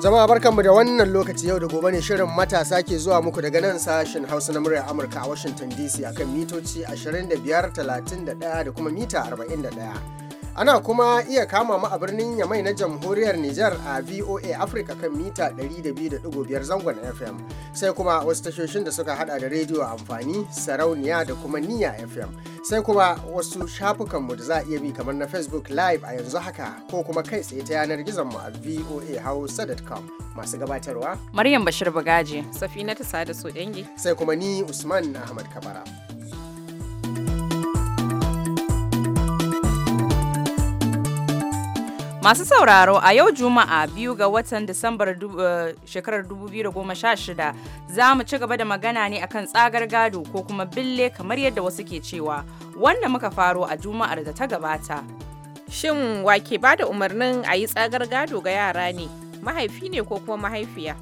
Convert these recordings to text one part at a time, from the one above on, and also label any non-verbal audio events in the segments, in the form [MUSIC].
zama Jama'a barkanmu da wannan lokaci yau da gobe ne shirin matasa ke zuwa muku daga nan sashen Hausa na muryar Amurka a Washington DC akan mitoci 25, 31 da kuma mita 41. ana kuma iya kama mu a birnin yamai na jamhuriyar Nijar a VOA Africa kan mita 200.5 zangon FM sai kuma wasu tashoshin da suka hada da rediyo amfani sarauniya da kuma niya FM sai kuma wasu shafukanmu da za a iya bi kamar na facebook live a yanzu haka ko kuma kai tsaye ta yanar gizonmu a voa hausa.com masu gabatarwa maryam bashir bagaji safina ta sada su dangi sai kuma ni usman ahmad kabara Masu sauraro a yau Juma'a biyu ga watan Disambar eh, shekarar 2016 za mu ci gaba da magana ne akan tsagar gado ko kuma bille kamar yadda wasu ke cewa wanda muka faro a Juma'ar da ta gabata. Shin wake ba da umarnin a yi tsagar gado ga yara ne? Mahaifi ne ko kuma mahaifiya?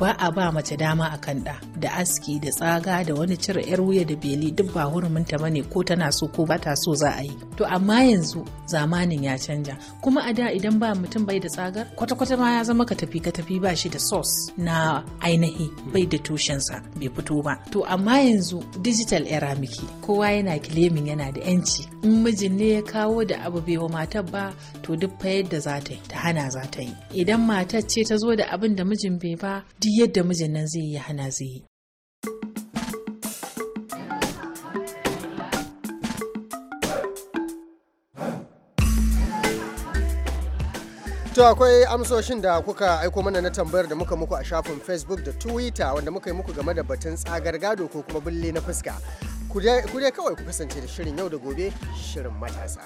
ba a ba mace dama a kan da da aski da tsaga da wani cire yar wuya da beli duk ba huruminta bane ko tana so ko bata so za a yi to amma yanzu zamanin ya canja kuma a da idan ba mutum bai da tsagar kwata-kwata ma ya zama ka tafi ka tafi ba shi da sos na ainihi hmm. bai da tushensa bai fito ba to amma yanzu digital era miki kowa yana kilemin yana da yanci in mijin ne ya kawo da abu bai wa matar ba to duk fa yadda za ta yi ta hana za ta yi idan matar ce ta zo da abin da mijin bai ba duk yadda mijin nan zai yi hana zai yi To akwai amsoshin da kuka aiko mana na tambayar da muka muku a shafin Facebook da Twitter wanda muka yi muku game da batun tsagar gado ko kuma bulle na fuska. kudai kawai ku kasance da shirin yau da gobe shirin matasa.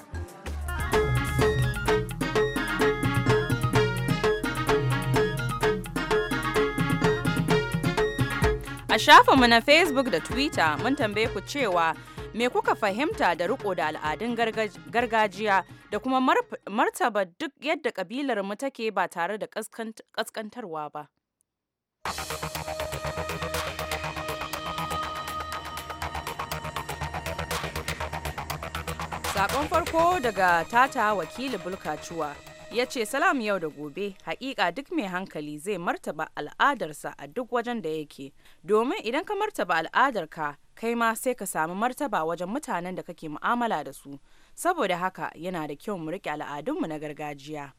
shafinmu na Facebook da Twitter mun tambaye ku cewa me kuka fahimta da riko da al'adun gargajiya da kuma martaba duk yadda kabilar mu take ba tare da kaskantarwa ba. Sakon farko daga tata wakili bulkacuwa. ya ce salam yau da gobe hakika duk mai hankali zai martaba al'adarsa a duk wajen da yake domin idan ka martaba al'adar ka kai ma sai ka samu martaba wajen mutanen da kake mu'amala da su saboda haka yana da kyau mu rike al'adunmu na gargajiya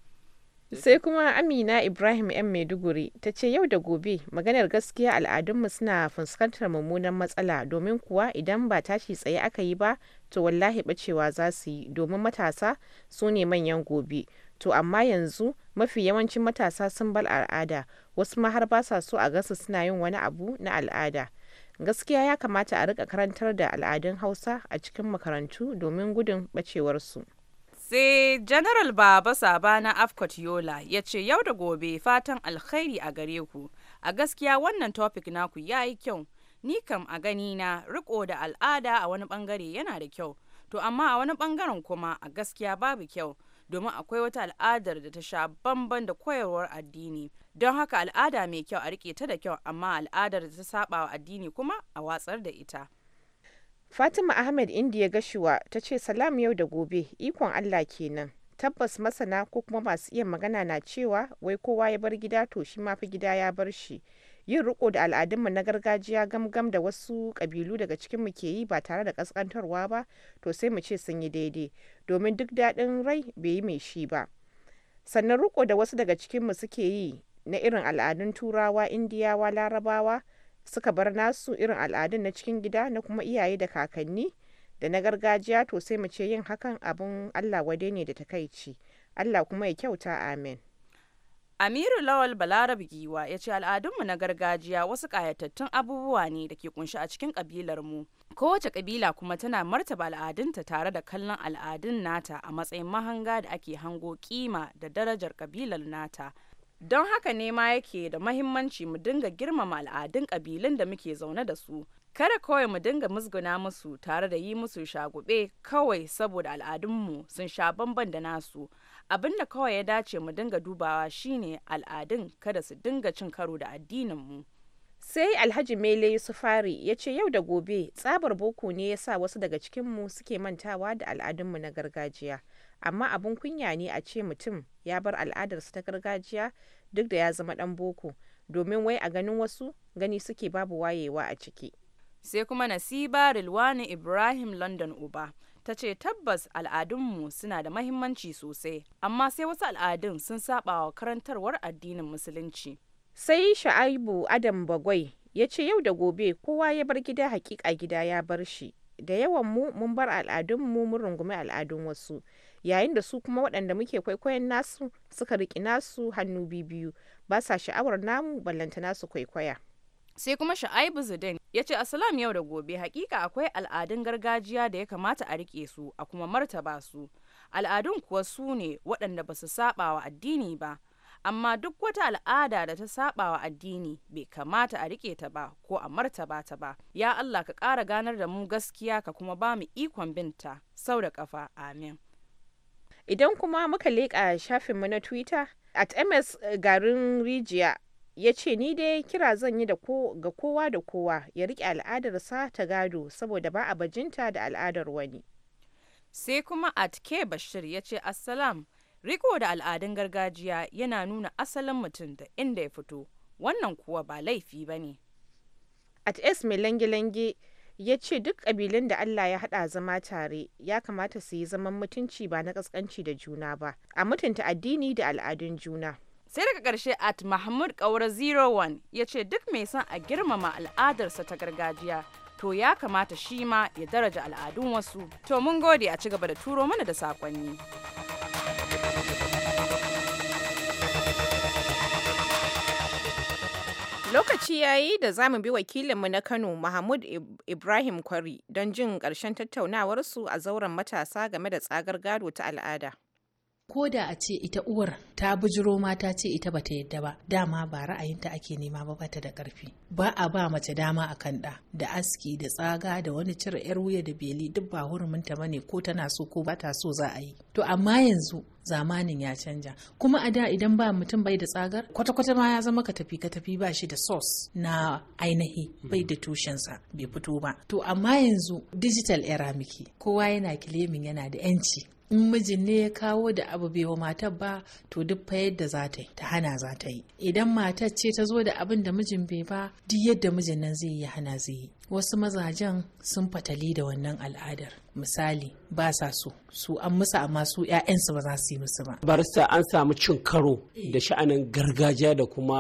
sai kuma amina ibrahim yan maiduguri ta ce yau da gobe maganar gaskiya al'adunmu suna fuskantar mummunan matsala domin kuwa idan ba tashi tsaye aka yi ba to wallahi bacewa za su yi domin matasa su ne manyan gobe To amma yanzu mafi yawancin matasa sun bar al'ada, wasu ma har ba sa so a gasa suna yin wani abu na al'ada. Gaskiya ya kamata a rika karantar da al'adun Hausa a cikin makarantu domin gudun ɓacewarsu. sai General Baba Saba na Afcot Yola ya ce yau da gobe fatan alkhairi a gare ku. A gaskiya wannan topic naku ya yi kyau. Ni kam a gani na riko da al'ada a wani bangare yana da kyau. To amma a wani bangaren kuma a gaskiya babu kyau. domin akwai wata al'adar da ta sha bamban da koyarwar addini don haka al'ada mai kyau a rike ta da kyau amma al'adar da ta saba wa addini kuma a watsar da ita fatima ahmed indiya gashuwa ta ce salam yau da gobe ikon allah kenan tabbas masana ko kuma masu iya magana na cewa wai kowa ya bar gida to shi ma fa gida ya bar shi yin riko da al'adunmu na gargajiya gamgam da wasu ƙabilu daga cikinmu ke yi ba tare da kaskantarwa ba to sai mu ce sun yi daidai domin duk daɗin rai bai yi mai shi ba sannan riko da wasu daga cikinmu suke yi na irin al'adun turawa indiyawa larabawa suka bar nasu irin al'adun na cikin gida na kuma iyaye da kakanni da na gargajiya to sai mu ce yin hakan abun allah wade ne da takaici allah kuma ya kyauta amin Amiru Lawal Balarabe Giwa ya ce al'adunmu na gargajiya wasu ƙayatattun abubuwa ne da ke kunshi a cikin ƙabilarmu. Kowace ƙabila kuma tana martaba al'adunta tare da kallon al'adun nata a matsayin mahanga da ake hango kima da darajar ƙabilar nata. Don haka ne ma yake da mahimmanci mu dinga girmama al'adun ƙabilun da muke zaune da su. Kada kawai mu dinga musguna musu tare da yi musu shagube kawai saboda al'adunmu sun sha bamban da nasu. abin da kawai ya dace mu dinga dubawa shine al'adun kada su dinga cin karo da addininmu sai alhaji mele yusufari ya ce yau da gobe tsabar boko ne ya sa wasu daga cikinmu suke mantawa da al'adunmu na gargajiya amma abin kunya ne a ce mutum ya bar al'adarsa ta gargajiya duk da ya zama dan boko domin wai a ganin wasu gani suke babu wayewa a ciki sai kuma nasiba rilwani ibrahim london uba ta ce tabbas al'adunmu suna da mahimmanci sosai amma sai wasu al'adun sun saba wa karantarwar addinin musulunci sai sha'aibu adam bagwai ya ce yau da gobe kowa ya bar gida hakika gida ya bar shi da yawan mu mun bar al'adunmu mun rungumi al'adun wasu yayin da su kuma waɗanda muke kwaikwayon nasu suka riƙi nasu hannu biyu ba sa sha'awar namu ballanta nasu kwaikwaya sai kuma sha'aibu zidane ya ce asalam yau da gobe hakika akwai al'adun gargajiya da ya kamata a rike su a kuma martaba su al'adun kuwa su ne waɗanda ba su saba addini ba amma duk wata al'ada da ta saba addini bai kamata a rike ta ba ko a martaba ta ba ya allah ka ƙara ganar da mu gaskiya ka kuma ba mu ikon binta sau da kafa amin idan kuma muka leƙa shafinmu na twitter at ms garin rijiya ya ce ni dai kira zan yi ga kowa da kowa ya riƙe al'adarsa ta gado saboda ba a bajinta da al'adar wani sai kuma ke bashir ya ce assalam riko da al'adun gargajiya yana nuna asalin mutum da inda ya fito wannan kuwa ba laifi ba ne at s mai lange-lange ya ce duk ƙabilun da Allah ya haɗa zama tare ya kamata su yi zaman mutunci ba na ƙasƙanci da juna ba a mutunta addini da al'adun juna sai daga karshe at mahmud kaura 01 ya ce duk mai son a girmama al'adarsa ta gargajiya to ya kamata shi ma ya daraja al'adun wasu to mun gode a ci gaba da turo mana da sakonni. Lokaci ya yi da zamu mu bi wakilinmu na Kano Mahmud Ibrahim Kwari don jin ƙarshen tattaunawarsu a zauren matasa game da tsagar gado ta al'ada. ko da a ce ita uwar ta bujiro mata ce ita bata yadda ba dama ba ra'ayinta ake nema ba bata da karfi ba a ba mace dama a kan da da aski da tsaga da wani cire yar wuya da beli duk ba huruminta bane ko tana so ko bata so za a yi to amma yanzu zamanin ya canja kuma a da idan ba mutum bai da tsagar kwata-kwata ma ya zama ka tafi ka tafi ba shi da sos na ainihi bai da tushensa bai fito ba to amma yanzu digital era muke kowa yana kilemin yana da yanci in mijin ne ya kawo da abu bai wa matar ba to duk fa yadda za ta yi ta hana za ta yi idan matar ce ta zo da abin da mijin bai ba duk yadda mijin nan zai yi hana zai yi wasu mazajen sun fatali da wannan al'adar misali ba sa so su an musu amma su 'ya'yansu ba za su yi musu ba barista an samu cin karo eh. da sha'anin gargajiya da kuma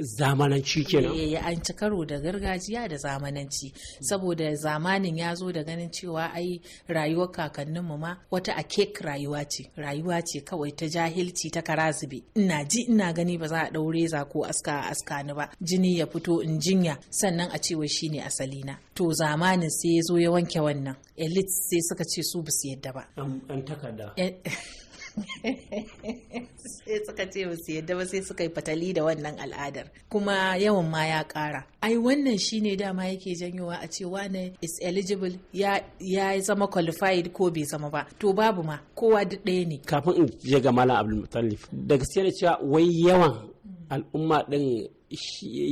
zamananci kenan eh an ci karo da gargajiya da zamananci saboda zamanin ya zo da ganin cewa ai rayuwar kakannin mu ma wata a kek rayuwa ce rayuwa ce kawai ta jahilci ta karazube ina ji ina gani ba za a ɗaure za ko aska a aska ni ba jini ya fito in jinya sannan a ce wai shine asali na to zamanin sai ya zo ya wanke wannan elite sai suka ce su basu yadda ba an takarda eh, [LAUGHS] sai suka ce ba su yadda ba sai suka yi fatali da wannan al'adar kuma yawan ma ya kara ai wannan shine dama yake janyowa a ce wane is eligible ya ya zama qualified ko bai zama ba to babu ma kowa duk ɗaya ne kafin in je ga malam abdulmutallif da gaskiya da cewa wai yawan al'umma din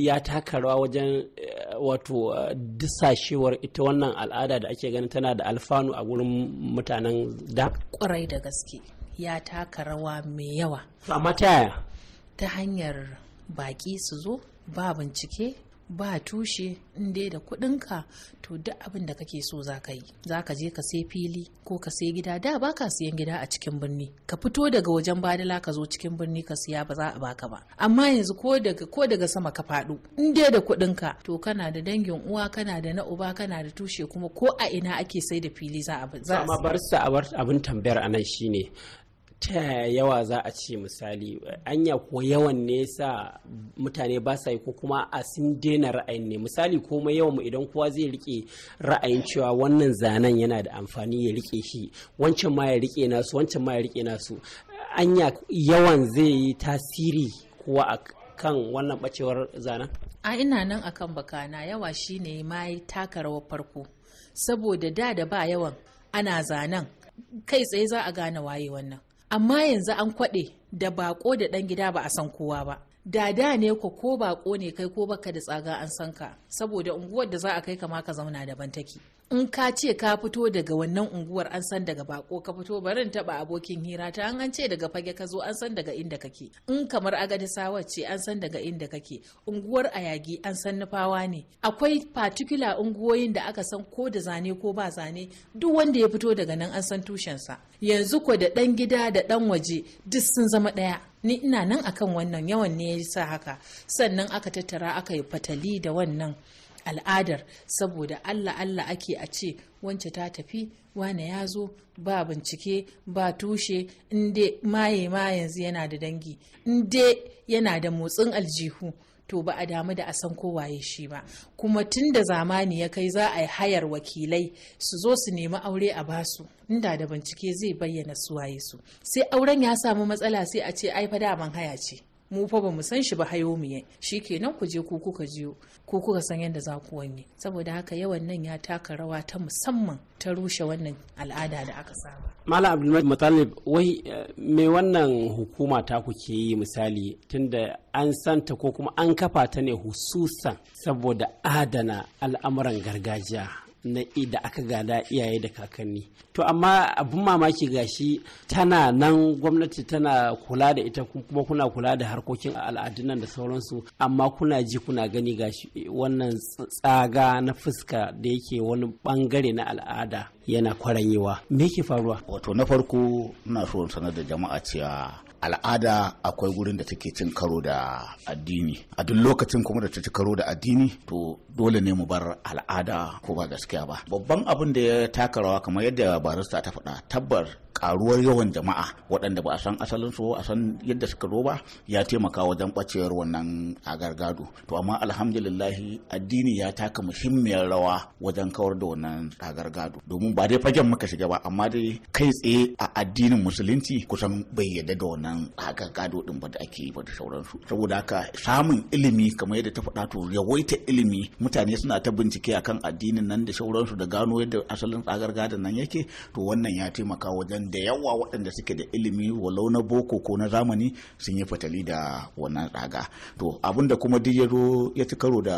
ya taka rawa wajen eh, wato eh, disashewar ita wannan al'ada da ake ganin tana da alfanu a wurin mutanen da kwarai da gaske ya taka rawa mai yawa amma ta yaya ta hanyar baƙi su zo ba bincike ba tushe in dai da kuɗinka to duk abin da kake so za ka yi za ka je ka sai fili ko ka sai gida da ba ka siyan gida a cikin birni ka fito daga wajen badala ka zo cikin birni ka siya ba za a baka ba amma yanzu ko daga ko daga sama ka faɗo in dai da kuɗinka to kana da dangin uwa kana da na uba kana da tushe kuma ko a ina ake sai da fili za a za amma bar sa abin tambayar anan shine ta yawa za a ce misali anya ko yawan ne sa mutane ba sa yi ko kuma a sun daina ra'ayin ne misali komai yawan mu idan kowa zai rike ra'ayin cewa wannan zanen yana da amfani ya rike shi wancan ma ya rike nasu wancan ma ya rike nasu anya yawan zai yi tasiri kuwa a kan wannan bacewar zanen a ina nan akan bakana yawa shine ma taka rawar farko saboda da da ba yawan ana zanen kai tsaye za a gane waye wannan amma yanzu an kwaɗe da bako da ɗan gida ba a san kowa ba da da ne ko ko bako ne kai ko baka da tsaga an san ka saboda unguwar da za a kai ka ma ka zauna daban take in ka ce ka fito daga wannan unguwar an san daga bako ka fito barin taba abokin hira ta an an ce daga fage ka zo an san daga inda kake in kamar agadi sawa ce an san daga inda kake unguwar ayagi an san nufawa ne akwai particular unguwoyin da aka san ko da zane ko ba zane duk wanda ya fito daga nan an san tushensa yanzu ko da dan gida da dan waje duk sun zama daya ni ina nan akan wannan yawan ne ya sa haka sannan aka tattara aka yi fatali da wannan al'adar saboda allah allah ake a ce wance ta tafi wane ya zo ba bincike ba tushe inda maye ma yanzu yana da dangi inda yana da motsin aljihu to ba a damu da a san kowaye shi ba kuma tun da zamani ya kai za a yi hayar wakilai su zo su nemi aure a basu inda da bincike zai bayyana su waye su sai auren ya samu matsala sai a ce ai fa ban haya ce mu fa mu san shi ba hayo mu shi kenan ku je ku kuka je ku kuka san yadda za ku wanye saboda haka yawan nan ya taka rawa ta musamman ta rushe wannan al'ada da aka saba malam abdul matalib wai eh, me wannan hukuma ta ke yi misali tunda an santa ko kuma an kafa ta ne hususan saboda adana al'amuran gargajiya na da aka gada iyaye da kakanni to amma abin mamaki gashi tana nan gwamnati tana kula da ita kuma kuna kula da harkokin al'adun nan da sauransu amma kuna ji kuna gani gashi wannan tsaga na fuska da yake wani bangare na al'ada yana kwaranyewa me yake faruwa wato na farko ina so sanar da jama'a cewa al'ada akwai wurin da take cin karo da addini a duk lokacin kuma da ta ci karo da addini to dole ne mu bar al'ada ko ba gaskiya ba babban abin da ya taka rawa kamar yadda barista ta faɗa tabbar karuwar yawan jama'a waɗanda ba a san asalin su a san yadda suka zo ba ya taimaka wajen ɓacewar wannan agargado to amma alhamdulillahi addini ya taka muhimmiyar rawa wajen kawar da wannan agargado domin ba dai fagen muka shiga ba amma dai kai tsaye a addinin musulunci kusan bai yadda da wannan wannan haka gado din ba da ake yi ba da sauransu saboda haka samun ilimi kamar yadda ta faɗa to yawaita ilimi mutane suna ta bincike akan addinin nan da sauransu da gano yadda asalin tsagar gadon nan yake to wannan ya taimaka wajen da yawa waɗanda suke da ilimi walau na boko ko na zamani sun yi fatali da wannan tsaga to abin da kuma duk ya zo ya ci karo da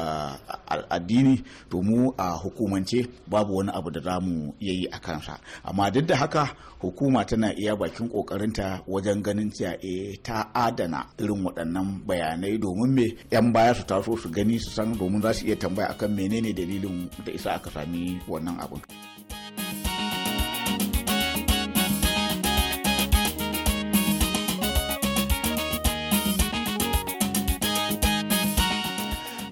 addini to mu a hukumance babu wani abu da za mu iya yi a kansa amma duk da haka hukuma tana iya bakin ƙoƙarinta wajen ganin NCIA ta adana irin waɗannan bayanai domin me 'yan baya su taso su gani su san domin za su iya tambaya akan menene dalilin da isa aka sami wannan abin.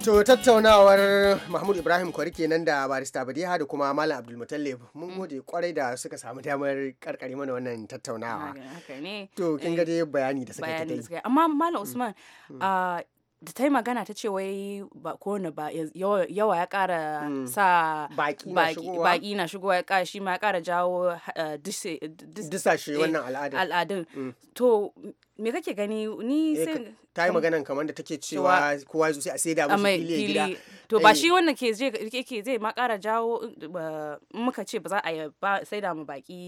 To tattaunawar Mahmud Ibrahim Kwari kenan da barista Badiha da kuma Malam Abdulmutallib mun mm. gode kwarai da suka samu damar karkare mana wannan tattaunawa. To kin ga eh, dai bayani da suka yi. Amma Malam mm, Usman mm. Ah, da ta yi magana ta ce wai ba kowane ba yawa ya kara sa baki na shigowa ya kara shi ma ya kara jawo ah, disashe wannan al'adun to me kake gani ni eh, sai ta yi maganan kamar da take cewa kowa sai a saida mushi fili gida to ba eh. shi wannan ke yake zai ma kara jawo muka ce ba za a saida mu baki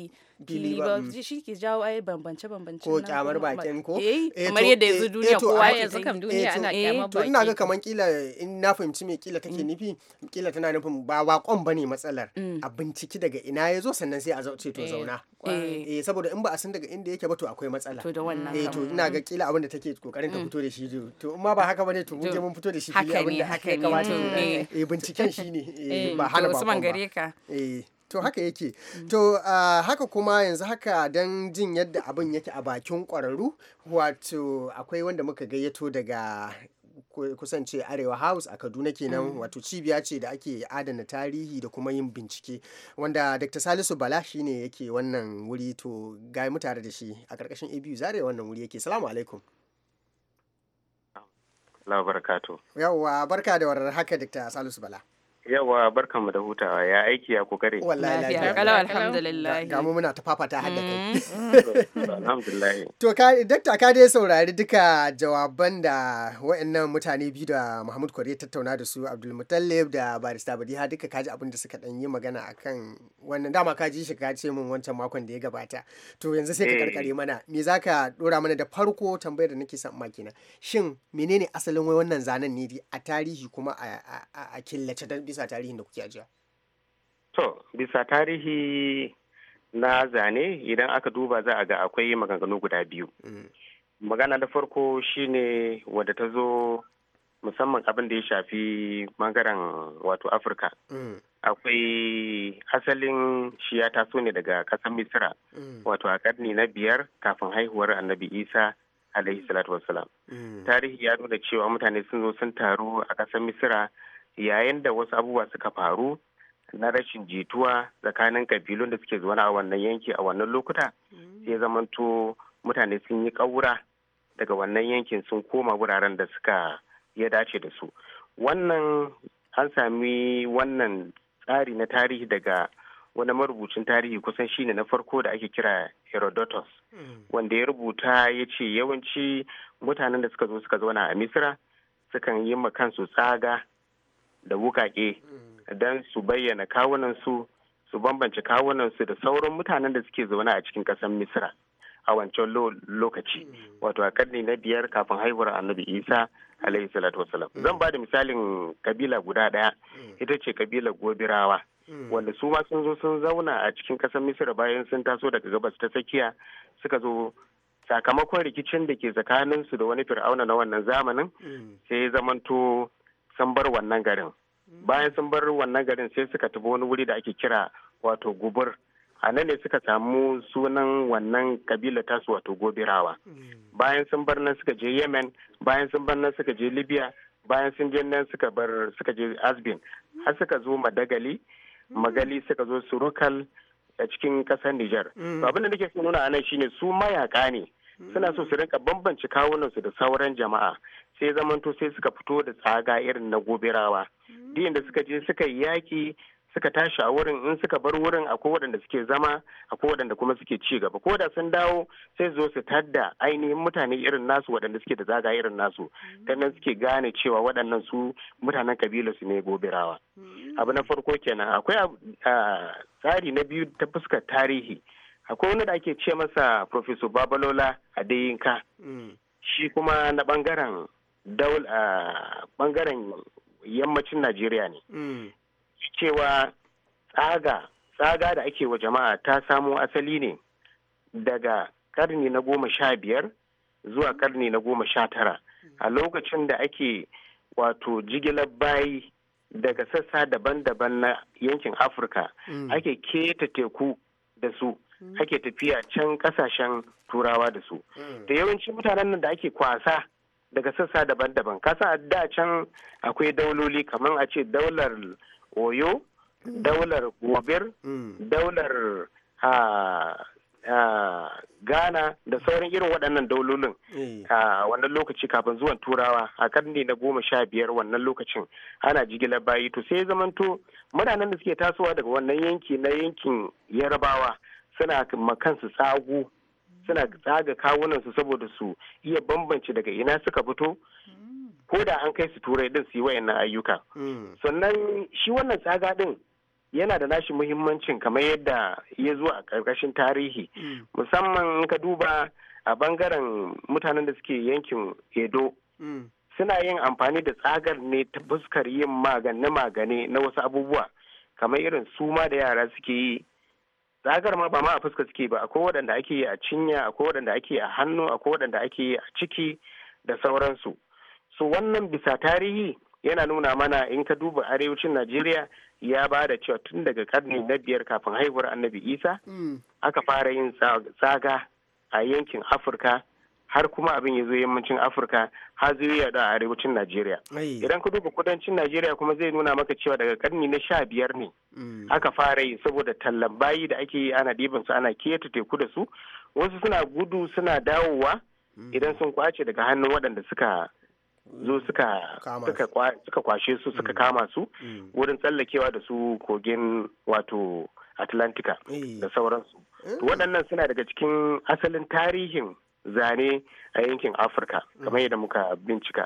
fili ba mm. shi ke jawo ai bambance bambance ko kyamar bakin ko eh, kamar yadda yanzu duniya kowa yanzu kam duniya ana kyamar baki to ina ga kamar kila in na fahimci me kila take mm. nufi kila tana nufin ba wakon bane matsalar mm. a binciki daga ina ya zo sannan sai a zauce to zauna eh saboda in ba a san daga inda yake ba to akwai matsala to da wannan to ina ga kila abin da take kokarin ta mm. fito da shi to ma ba haka bane to mun je mun fito da shi haka ne haka ne eh. eh binciken shi ne eh, [LAUGHS] eh, ba hana ba Usman gare ka eh to haka yake mm. to haka kuma yanzu haka don jin yadda abin yake a bakin kwararru wato akwai wanda muka gayyato daga kusance arewa house a kaduna kenan mm. wato cibiya ce da ake adana tarihi da kuma yin bincike wanda dr salisu bala shine yake wannan wuri to ga mu tare da shi a karkashin abu zare wannan wuri yake salamu alaikum yawwa barka da warar haka dr salisu bala Yawa barkanmu da hutawa ya aiki ya kokare. Wallahi lafiya. alhamdulillah. Ga mu muna ta fafata har da kai. Mm-hmm. [LAUGHS] Alhamdulillah. To ka dakta ka dai saurari duka jawaban da wayannan mutane biyu da Muhammad Kwari tattauna da su Abdul Mutallib da Barista Badiha duka kaji abin da suka dan yi magana akan wannan dama ka ji shi ka ce min wancan makon da ya gabata. To yanzu sai ka eh. karkare mana me zaka dora mana da farko tambayar da nake son ma kenan. Shin menene asalin wai wannan zanen ne a tarihi kuma a killace dan bisa bisa tarihin da kuke ajiya to bisa tarihi na zane idan aka duba za a ga akwai maganganu guda biyu mm. magana da farko shine wadda ta zo musamman abin da ya shafi bangaren wato afirka mm. akwai asalin shi ya taso ne daga ƙasar misira mm. wato a karni na biyar kafin haihuwar annabi isa alaihi salatu wasalam tarihi ya nuna cewa mutane sun zo sun taru a ƙasar misira yayin da wasu abubuwa suka faru na rashin jituwa tsakanin kabilun da suke zaune a wannan yanki a wannan lokuta mm. sai zamanto mutane sun yi ƙaura daga wannan yankin sun koma wuraren da suka ya dace da su wannan an sami wannan tsari na tarihi daga wani marubucin tarihi kusan shine na farko da ake kira herodotus mm. wanda ya rubuta ya ce yawanci mutanen da suka zo suka zauna a misira sukan yi ma kansu tsaga da wukake don su bayyana kawunansu su bambance kawunansu da sauran mutanen da suke zaune a cikin ƙasar misira a wancan lokaci wato a karni na biyar kafin haihuwar annabi isa alaihi salatu wasalam zan ba da misalin kabila guda ɗaya ita ce kabila gobirawa wanda su ma sun zo sun zauna a cikin ƙasar misira bayan sun taso daga gabas ta tsakiya suka zo sakamakon rikicin da ke tsakaninsu da wani fir'auna na wannan zamanin sai zamanto sun bar wannan garin mm. bayan sun bar wannan garin sai suka tafi wani wuri da ake kira wato gubur a nan ne suka samu sunan wannan kabila tasu wato gobirawa mm. bayan sun bar nan suka je yemen bayan sun bar nan suka je libya bayan sun je nan suka bar suka je asbin har suka zo madagali mm. magali suka zo surukal a cikin kasar niger abin da nake nuna nuna nan shine su mayaka ne suna so su rinka bambance kawunansu da sauran jama'a sai zamanto sai suka fito da tsaga irin na goberawa mm. duk da suka je suka yi yaki suka tashi a wurin in suka bar wurin akwai waɗanda suke zama akwai waɗanda kuma suke ci gaba ko da sun dawo sai zo su tadda ainihin mutane irin nasu waɗanda suke da zaga irin nasu mm. ta suke gane cewa waɗannan su mutanen kabila su ne gobirawa mm. abu na farko kenan akwai tsari na biyu ta fuskar tarihi akwai wani da ake ce masa professor babalola a adeyinka mm. shi kuma na bangaren daul a bangaren yammacin najeriya ne mm. cewa tsaga tsaga da ake wa jama'a ta samo asali ne daga karni na goma sha biyar zuwa karni na goma sha tara a lokacin da ake wato jigilar bayi daga sassa daban-daban na yankin afirka mm. ake keta teku da su ake tafiya can kasashen turawa da su hmm. da yawancin mutanen nan da ake kwasa daga sassa daban-daban kasa da can akwai dauloli kamar a ce daular oyo hmm. daular gobir hmm. daular ah, ah, ghana da sauran irin waɗannan daulolin eh. a wannan lokaci kafin zuwan turawa a karni na goma sha biyar wannan lokacin ana jigilar bayi to sai zamanto mutanen da suke tasowa daga wannan yanki na yankin yarabawa suna makansu tsago suna tsaga kawunan su saboda su iya bambanci daga ina suka fito ko da an kai su turai din su yi wayannan ayyuka hmm. sannan shi wannan tsaga din yana da nashi muhimmancin kamar yadda ya zo a ƙarƙashin tarihi hmm. musamman ka duba a bangaren mutanen da suke yankin edo hmm. suna yin amfani da tsagar ne ta fuskar yin magane-magane na wasu abubuwa kamar irin suma da yara suke yi zagar ma ba ma a fuska suke ba akwai waɗanda ake yi a cinya akwai waɗanda ake yi a hannu akwai waɗanda ake yi a ciki da sauransu su wannan bisa tarihi yana nuna mana in ka duba arewacin najeriya ya ba da cewa tun daga karni na biyar kafin haihuwar annabi isa mm. aka fara yin tsaga a yankin afirka har kuma abin ya zo yammacin afirka har zai yi a arewacin najeriya idan ka duba kudancin najeriya kuma zai nuna maka cewa daga karni na sha biyar ne mm. aka fara yi saboda tallan bayi da ake yi ana ɗiban su ana keta teku da su wasu suna gudu suna dawowa mm. idan sun kwace daga hannun waɗanda suka zo mm. suka suka kwashe su suka kama su wurin tsallakewa da su kogin wato atlantika da sauransu eh. waɗannan suna daga cikin asalin tarihin zane a yankin afirka kamar yadda muka bincika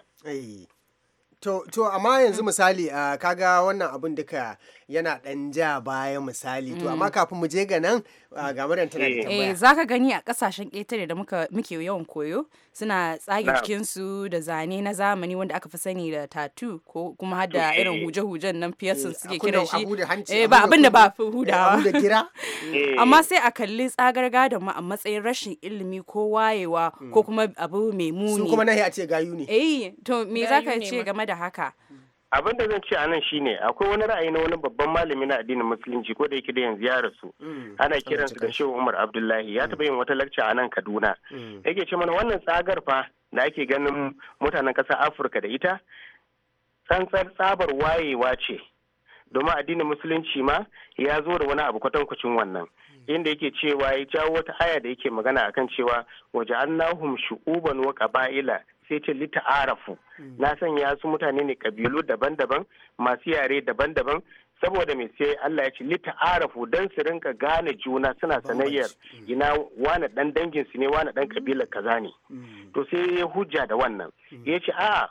To, to amma yanzu misali uh, kaga wannan abin duka yana ɗan ja baya misali to mm. amma kafin mu je ga nan Ah, ga Maryam tana da eh. tambaya. Eh zaka gani a kasashen ƙetare da muke yawan koyo suna tsage jikinsu da zane na zamani wanda aka fi sani da tattoo ko kuma hada irin eh. huje-hujen nan piercing eh, suke kira shi. ba abin da ba fi hudawa. [LAUGHS] Amma sai a kalli tsagar gadon ma a matsayin rashin ilimi ko wayewa ko hmm. kuma abu mai muni. Su kuma nahi a ce gayu ne. Eh to me zaka ce game da haka? abin da zan ce a nan shine akwai wani ra'ayi na wani babban malami na addinin musulunci ko da yake da yanzu ya rasu mm. ana kiransa da shehu umar abdullahi ya mm. taba yin wata lakca a nan kaduna mm. yake ce mana wannan tsagar fa da ake ganin mutanen ƙasar afirka da ita tsantsar tsabar wayewa ce domin addinin musulunci ma ya zo da wani abu kwatankwacin wannan inda yake cewa ya jawo wata aya da yake magana akan cewa waje annahum shu'uban wa qaba'ila sai ce lita arafu mm. na sanya su mutane ne kabilu daban-daban masu yare daban-daban saboda mai sai Allah ya ce lita arafu don su rinka gane juna suna sanayyar mm. ina wani dan dangin su ne wani dan kabilar mm. kaza ne to sai ya hujja da wannan ya ce ah,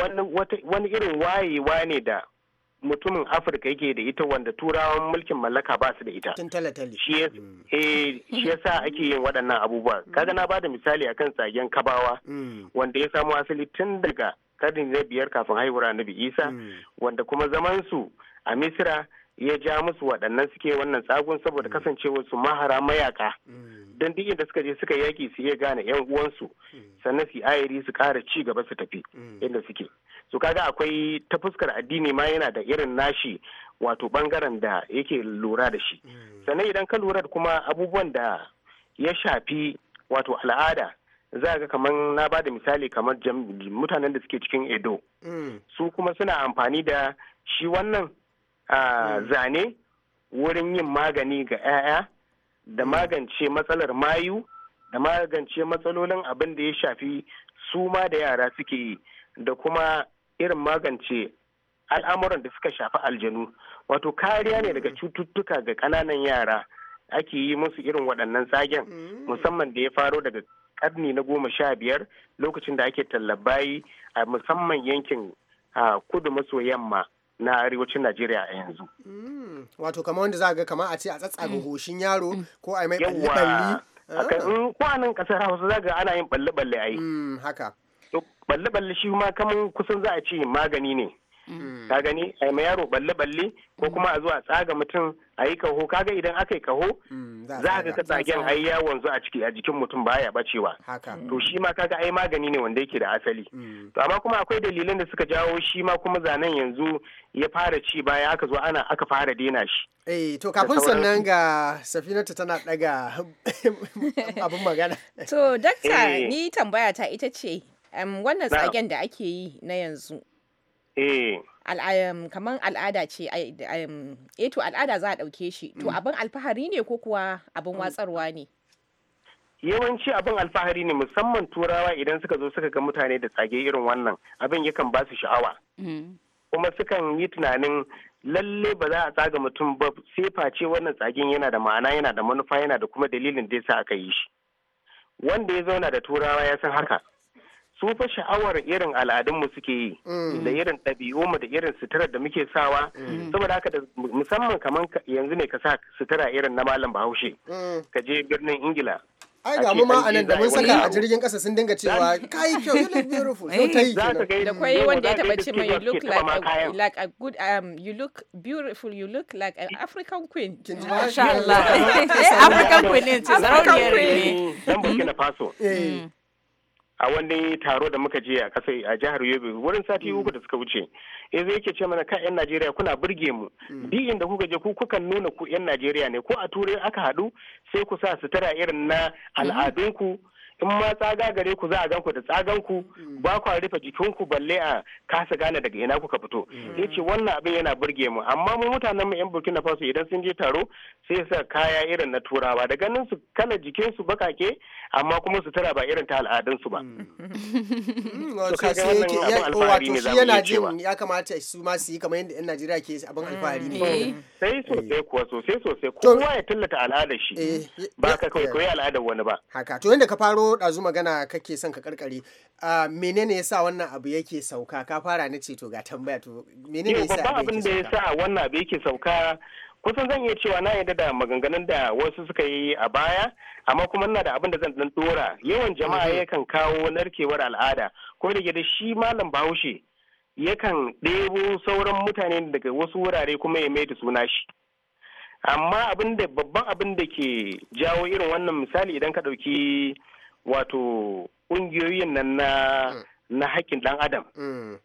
a wani irin wayewa ne da mutumin afirka yake da ita wanda turawan mulkin mallaka ba su da ita shi yasa mm. eh, ake yin waɗannan abubuwa mm. kaga na bada misali akan tsagen kabawa mm. wanda ya samo asali tun daga karni na biyar kafin haihuwa na isa wanda kuma zaman su a misira ya ja musu waɗannan suke wannan tsagun saboda mm. kasancewar su mahara mayaka mm. don duk inda suka je suka yaki su iya gane yan uwansu mm. sannan su ayiri su kara ci gaba su tafi inda suke su kaga akwai ta fuskar addini ma yana da irin nashi wato bangaren da yake lura da shi sannan idan ka lura kuma abubuwan da ya shafi wato al'ada za ga kamar na ba da misali kamar mutanen da suke cikin edo su kuma suna amfani da shi wannan Hmm. zane wurin yin magani ga 'ya'ya da hmm. magance matsalar mayu da magance matsalolin abin da ya shafi su ma da yara suke yi da kuma irin magance al'amuran da suka shafi aljanu wato kariya ne daga hmm. cututtuka ga ƙananan yara ake yi musu irin waɗannan tsagen musamman da ya faro daga ƙarni na goma sha biyar lokacin da ake tallabayi a musamman yankin kudu maso yamma na arewacin Najeriya a yanzu. Mm. Wato kamar wanda za ga kama a ce a tsatsaga hoshin mm. yaro ko a mai balle balli Ko a ah. nan kasar Hausa za ga ana yin balle balle a yi. Mm, haka. balle shi ma kamar kusan za a ce magani ne. Mm. ka gani a ma yaro balle balle ko kuma a zuwa tsaga mutum a yi kaho kaga idan aka yi kaho mm, za a ga tsagen ai ya wanzu a ciki a jikin mutum baya bacewa to shi ma kaga ai magani ne wanda yake da asali mm. to amma kuma akwai dalilan da suka jawo shi ma kuma zanen yanzu ya fara ci baya aka zo ana aka fara dena shi Eh, to kafin sannan ga safinatu tana daga [LAUGHS] abin magana. To, dakta eh. ni tambaya ta ita ce, wannan tsagen da ake yi na yanzu, Eh. Um, kamar al'ada ce um, eh to al'ada za a ɗauke shi to mm. abin alfahari ne ko kuwa abin watsarwa ne yawanci abin alfahari ne musamman turawa idan suka zo suka ga mutane da tsage irin wannan abin yakan ba su sha'awa mm. kuma sukan yi tunanin lalle ba za a tsaga mutum ba sai face wannan tsagen yana da ma'ana yana da manufa yana da kuma dalilin da sa aka yi shi wanda ya zauna da turawa ya san haka su fa sha'awar irin al'adunmu suke yi mm. da irin mu da irin sutura da muke sawa mm. saboda haka da musamman kamar yanzu ne ka sa sutura irin na malam bahaushe mm. ka je birnin ingila ai ga mu ma a nan da mun saka a jirgin kasa sun dinga cewa kai kyau you look beautiful eh, so ta yi da kwai wanda ya taba ce mai you look like a, like a good um you look beautiful you look like an African queen masha Allah [LAUGHS] eh, African queen ne ce sarauniyar ne dan Burkina Faso eh. a wani taro da muka je a kasai a jihar Yobe wurin sati uku da suka wuce yanzu eh, yake ce mana kan yan Najeriya kuna burge mu bi mm. inda kuka je ku kukan nuna ku yan Najeriya ne ko a turai aka haɗu sai ku sa sutura irin na mm. al'adunku in ma tsaga gare ku za a gan ku da tsagan ku mm. ba ku rufe jikin ku balle a kasa gane daga ina kuka fito yace mm. wannan abin yana burge mu amma mu mutanen mu yan Burkina Faso idan sun je taro sai sa kaya irin na turawa da ganin su kala jikin su bakake amma kuma su tara ba irin ta al'adun su ba mm. [LAUGHS] wato shi yana jin ya kamata su ma su yi kamar yadda yan Najeriya ke abin alfahari ne sai sosai eh. kuwa sosai sosai kowa ya tallata al'adar shi eh, ba ka kawai al'adar wani ba haka to yanda ka faro kawo ɗazu magana kake son ka karkare menene yasa wannan abu yake sauka ka fara ni ce to ga tambaya to menene yasa eh, abin da yasa wannan abu yake sauka kusan zan iya cewa na yadda da maganganun da wasu suka yi a baya amma kuma ina da abin da zan dan dora yawan jama'a mhm. yakan kawo narkewar al'ada ko da gida shi malam bahaushe yakan ɗebo sauran mutane daga wasu wurare kuma ya mai da suna shi amma abin da babban abin da ke jawo irin wannan misali idan ka ɗauki wato ƙungiyoyin nan na mm. na haƙƙin ɗan adam mm.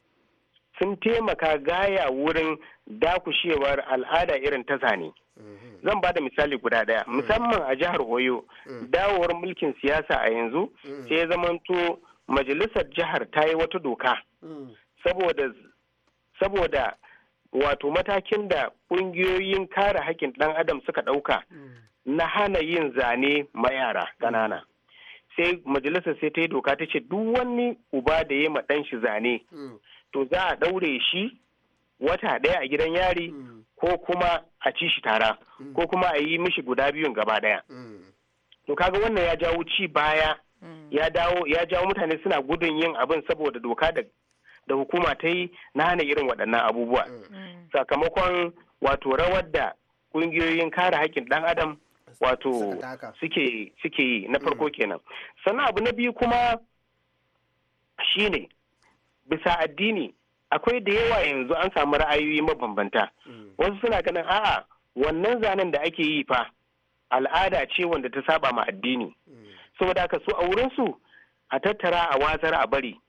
sun taimaka gaya wurin dakushewar al'ada irin ta zane mm-hmm. zan ba da misali guda ɗaya mm. musamman a jihar oyo dawowar mulkin siyasa a yanzu sai ya zamanto majalisar jihar ta yi wata doka saboda saboda wato matakin da ƙungiyoyin kare haƙƙin ɗan adam suka ɗauka na hana yin zane ma yara ƙanana. sai majalisar sai ta yi doka ta ce duk wani uba da ya ma ɗan shi zane hmm. to za a ɗaure shi wata ɗaya a gidan yari hmm. ko kuma a ci shi tara hmm. ko kuma a yi mishi guda biyun gaba ɗaya to kaga wannan ya jawo ci baya ya dawo ya jawo mutane suna gudun yin abin saboda doka da da hukuma ta yi na hana irin waɗannan abubuwa sakamakon wato rawar da ƙungiyoyin kare haƙƙin ɗan adam wato suke suke yi na farko mm. kenan sannan abu na biyu kuma shine bisa addini akwai da yawa yanzu an samu ra'ayoyi mabambanta mm. wasu suna ganin a'a wannan zanen da ake yi fa al'ada ce wanda ta saba ma addini mm. saboda haka su a wurinsu a tattara a watsar a bari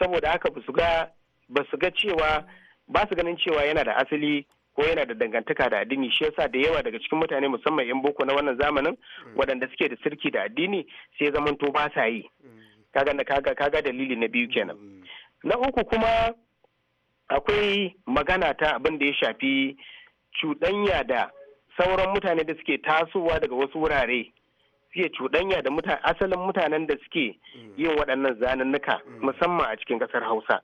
saboda haka ba su ga cewa ba su ganin cewa yana da asali ko yana da dangantaka da addini shi yasa da yawa daga cikin mutane musamman 'yan boko na wannan zamanin mm. waɗanda suke da sirki da addini sai zamanto ba sa yi mm. kaga kaga kaga dalili na biyu kenan mm. na uku kuma akwai magana ta abin da ya shafi cuɗanya da sauran mutane da suke tasowa daga wasu wurare suke cuɗanya da asalin mutanen da suke yin waɗannan zanannuka musamman a cikin ƙasar hausa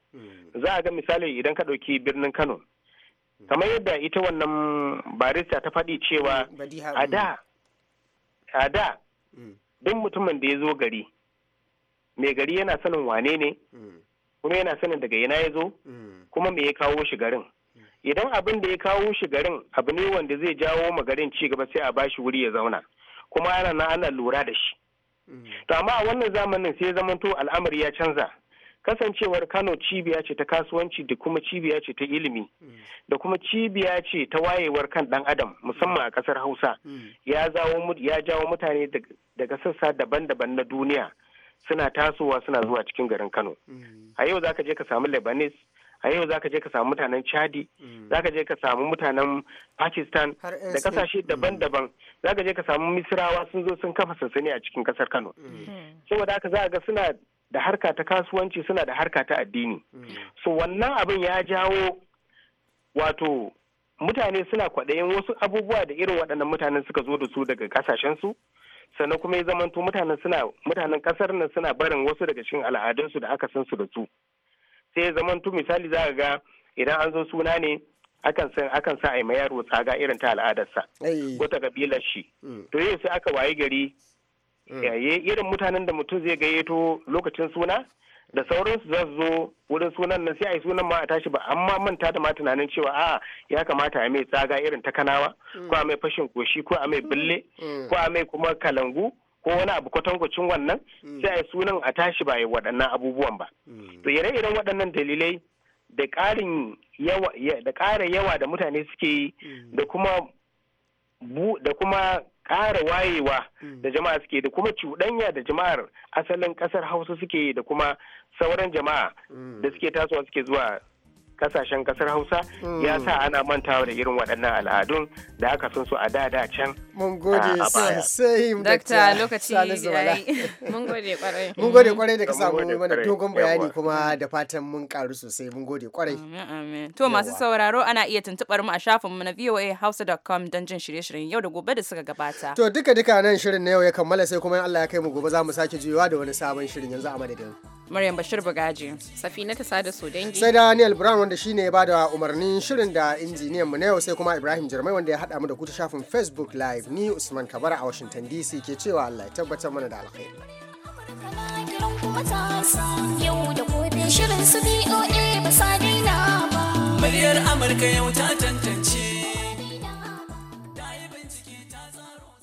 za a ga misali idan ka ɗauki birnin kano kamar yadda ita wannan barista ta faɗi cewa a da a mm. duk mutumin da ya zo gari mai gari yana sanin wane ne mm. kuma yana sanin daga ina ya zo mm. kuma me ya kawo shi garin idan abin da ya kawo shi garin abu ne wanda zai jawo ma garin ci gaba sai a ba shi wuri ya zauna kuma ana na ana lura da shi to amma a wannan zamanin sai ya zamanto al'amari ya canza kasancewar kano cibiya ce ta kasuwanci da kuma cibiya ce ta ilimi da kuma cibiya ce ta wayewar kan dan adam musamman a kasar hausa ya jawo mutane daga sassa daban-daban na duniya suna tasowa suna zuwa cikin garin kano a yau za ka je ka samu lebanese a yau za ka je ka samu mutanen chadi ka je ka samu mutanen pakistan da kasashe daban-daban za ka je ka samu misirawa sun zo sun kafa sansani a cikin kasar kano hmm. saboda haka za a ga suna da harka ta kasuwanci suna da harka ta addini so wannan abin ya jawo wato mutane suna kwaɗayin wasu abubuwa da irin waɗannan mutanen suka zo da su daga ƙasashensu sannan kuma ya zamanto mutanen ƙasar nan suna barin wasu daga cikin al'adunsu da aka san su da su sai ya zamanto misali za ga idan an zo suna ne akan san akan sa a yaro tsaga irin ta al'adarsa wata kabilar shi mm. to yau sai aka waye gari Mm. Eh, irin mutanen da mutum zai gayyato lokacin suna da sauransu za su zo wurin sunan nan sai a yi sunan ma a tashi ba amma manta da ma tunanin cewa a ya kamata a mai tsaga irin ta kanawa mm. ko a mai fashin koshi ko a mai bille mm. ko a mai kuma kalangu ko wani abu kwatankwacin wannan sai a yi sunan a tashi ba a yi waɗannan abubuwan ba to ire-iren waɗannan dalilai da ƙarin yawa da ƙara yawa da mutane suke yi da kuma da kuma ƙara wayewa hmm. da jama'a suke da kuma cuɗanya da jama'ar asalin ƙasar hausa suke da kuma sauran jama'a hmm. da suke tasowa suke zuwa kasashen kasar hausa ya sa ana mantawa da irin waɗannan al'adun da aka sun su a da da can mun gode sai dakta lokaci [LAUGHS] mun gode kwarai mun gode kwarai da ka samu mana dogon bayani kuma da fatan mun karu sosai mun gode kwarai to masu sauraro ana iya tuntubar mu a shafin mu na voahausa.com don jin shirye-shiryen yau da gobe da suka gabata to duka duka nan shirin na yau ya kammala sai kuma Allah ya kai mu gobe za mu sake juyawa da wani sabon shirin yanzu a madadin Maryam Bashir Bugaji, Safina ta sada dangi. Sai Daniel Brown wanda shine ya bada umarnin shirin da injiniyan mu na yau sai kuma Ibrahim Jirmai wanda ya hada mu da ku ta shafin Facebook Live ni Usman Kabara a Washington DC ke cewa Allah ya tabbatar mana da alkhairi. Yau da shirin Muryar Amurka yau ta tantance.